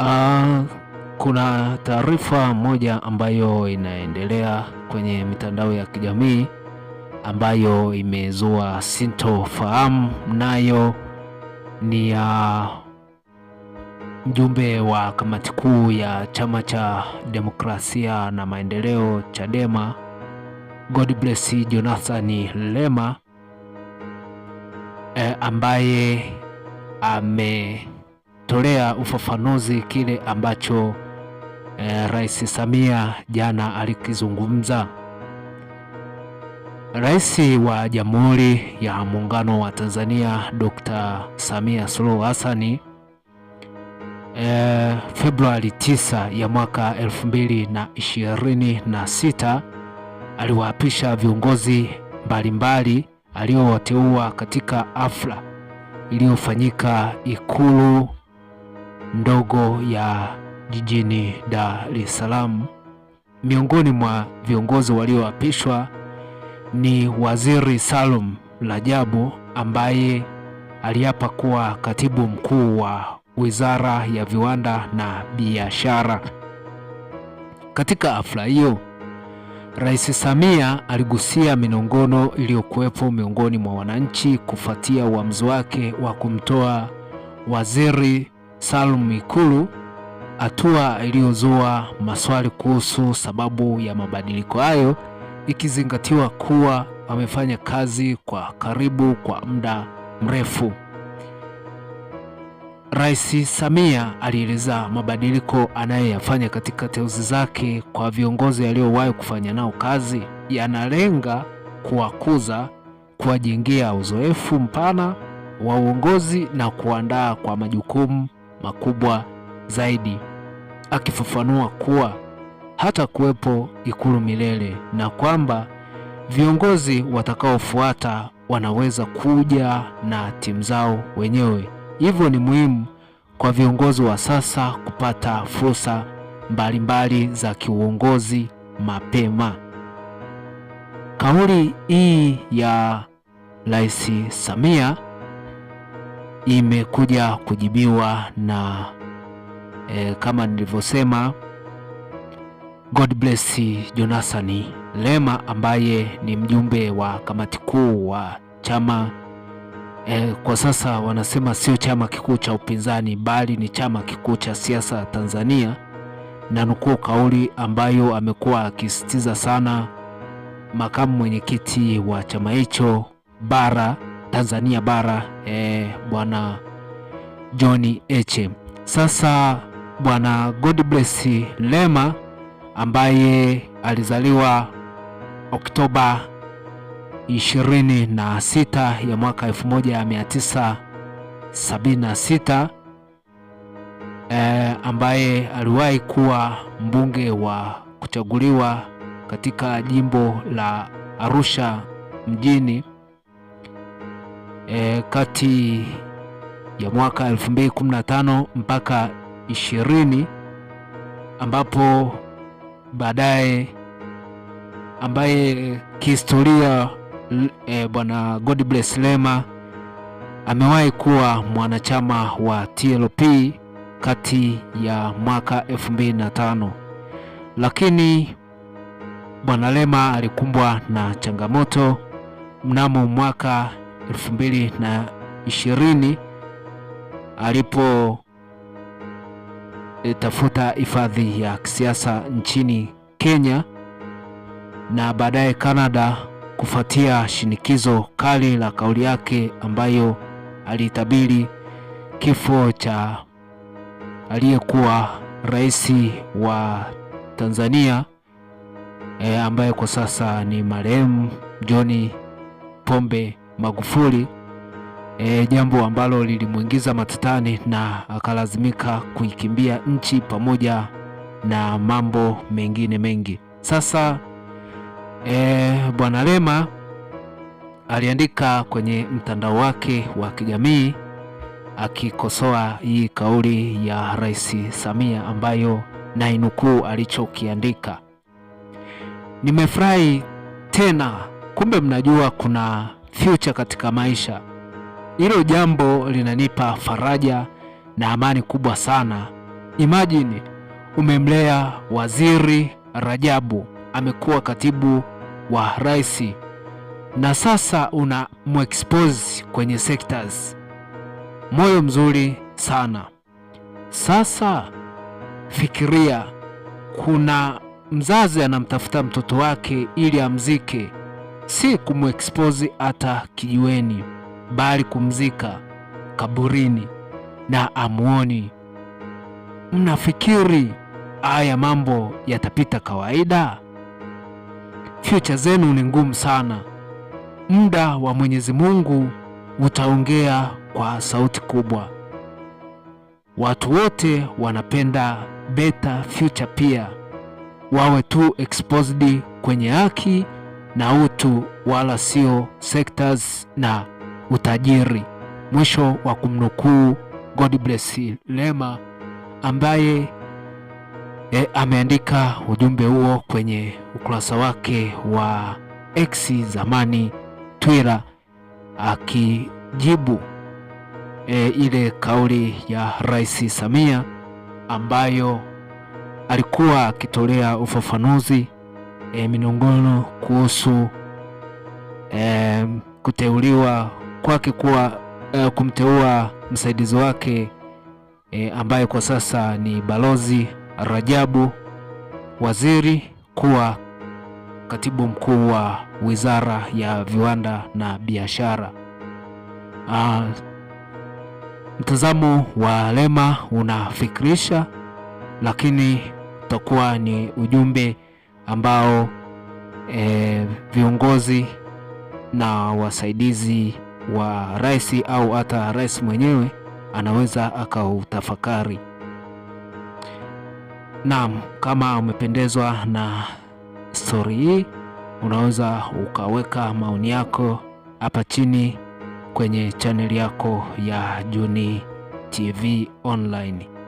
Uh, kuna taarifa moja ambayo inaendelea kwenye mitandao ya kijamii ambayo imezua sintofahamu, nayo ni ya uh, mjumbe wa kamati kuu ya Chama cha Demokrasia na Maendeleo Chadema bless Jonathan Lema eh, ambaye ame kutolea ufafanuzi kile ambacho e, Rais Samia jana alikizungumza. Rais wa Jamhuri ya Muungano wa Tanzania Dr. Samia Suluhu Hassan e, Februari 9 ya mwaka 2026 aliwaapisha viongozi mbalimbali aliowateua katika afla iliyofanyika Ikulu ndogo ya jijini Dar es Salaam. Miongoni mwa viongozi walioapishwa ni Waziri Salum Rajabu ambaye aliapa kuwa katibu mkuu wa Wizara ya Viwanda na Biashara. Katika hafla hiyo, Rais Samia aligusia minongono iliyokuwepo miongoni mwa wananchi kufuatia uamuzi wake wa kumtoa waziri Salum Ikulu, hatua iliyozua maswali kuhusu sababu ya mabadiliko hayo, ikizingatiwa kuwa wamefanya kazi kwa karibu kwa muda mrefu. Rais Samia alieleza mabadiliko anayoyafanya katika teuzi zake kwa viongozi aliyowahi kufanya nao kazi yanalenga kuwakuza, kuwajengea uzoefu mpana wa uongozi na kuandaa kwa majukumu makubwa zaidi, akifafanua kuwa hata kuwepo Ikulu milele na kwamba viongozi watakaofuata wanaweza kuja na timu zao wenyewe. Hivyo ni muhimu kwa viongozi wa sasa kupata fursa mbalimbali za kiuongozi mapema. Kauli hii ya Rais Samia imekuja kujibiwa na e, kama nilivyosema God bless Jonathan Lema ambaye ni mjumbe wa kamati kuu wa chama e, kwa sasa wanasema sio chama kikuu cha upinzani bali ni chama kikuu cha siasa Tanzania, na nukuu kauli ambayo amekuwa akisisitiza sana makamu mwenyekiti wa chama hicho bara Tanzania bara e, bwana John Heche. Sasa bwana Godbless Lema ambaye alizaliwa Oktoba 26 ya mwaka 1976 e, eh, ambaye aliwahi kuwa mbunge wa kuchaguliwa katika jimbo la Arusha mjini e, kati ya mwaka 2015 mpaka 20 ambapo baadaye ambaye kihistoria e, Bwana God bless Lema amewahi kuwa mwanachama wa TLP kati ya mwaka 2005 lakini Bwana Lema alikumbwa na changamoto mnamo mwaka elfu mbili na ishirini alipotafuta eh, hifadhi ya kisiasa nchini Kenya na baadaye Kanada kufuatia shinikizo kali la kauli yake ambayo alitabiri kifo cha aliyekuwa rais wa Tanzania e, ambaye kwa sasa ni marehemu John Pombe Magufuli e, jambo ambalo lilimwingiza matatani na akalazimika kuikimbia nchi pamoja na mambo mengine mengi. Sasa e, Bwana Lema aliandika kwenye mtandao wake wa kijamii akikosoa hii kauli ya Rais Samia ambayo nainukuu alichokiandika: nimefurahi tena, kumbe mnajua kuna future katika maisha. Hilo jambo linanipa faraja na amani kubwa sana. Imagine umemlea Waziri Rajabu, amekuwa katibu wa rais na sasa una muexpose kwenye sectors. Moyo mzuri sana. Sasa fikiria, kuna mzazi anamtafuta mtoto wake ili amzike si kumwexpose hata kijiweni, bali kumzika kaburini na amuoni. Mnafikiri haya mambo yatapita kawaida? Future zenu ni ngumu sana. Muda wa Mwenyezi Mungu utaongea kwa sauti kubwa. Watu wote wanapenda better future, pia wawe tu exposed kwenye haki na utu, wala sio sectors na utajiri. Mwisho wa kumnukuu Godbless Lema ambaye e, ameandika ujumbe huo kwenye ukurasa wake wa X zamani Twitter akijibu e, ile kauli ya Rais Samia ambayo alikuwa akitolea ufafanuzi e, minong'ono kuhusu e, kuteuliwa kwake kuwa e, kumteua msaidizi wake e, ambaye kwa sasa ni Balozi Rajabu Waziri kuwa katibu mkuu wa Wizara ya Viwanda na Biashara. Ah, mtazamo wa Lema unafikirisha, lakini utakuwa ni ujumbe ambao e, viongozi na wasaidizi wa rais au hata rais mwenyewe anaweza akautafakari. Naam, kama umependezwa na stori hii, unaweza ukaweka maoni yako hapa chini kwenye chaneli yako ya Juni TV Online.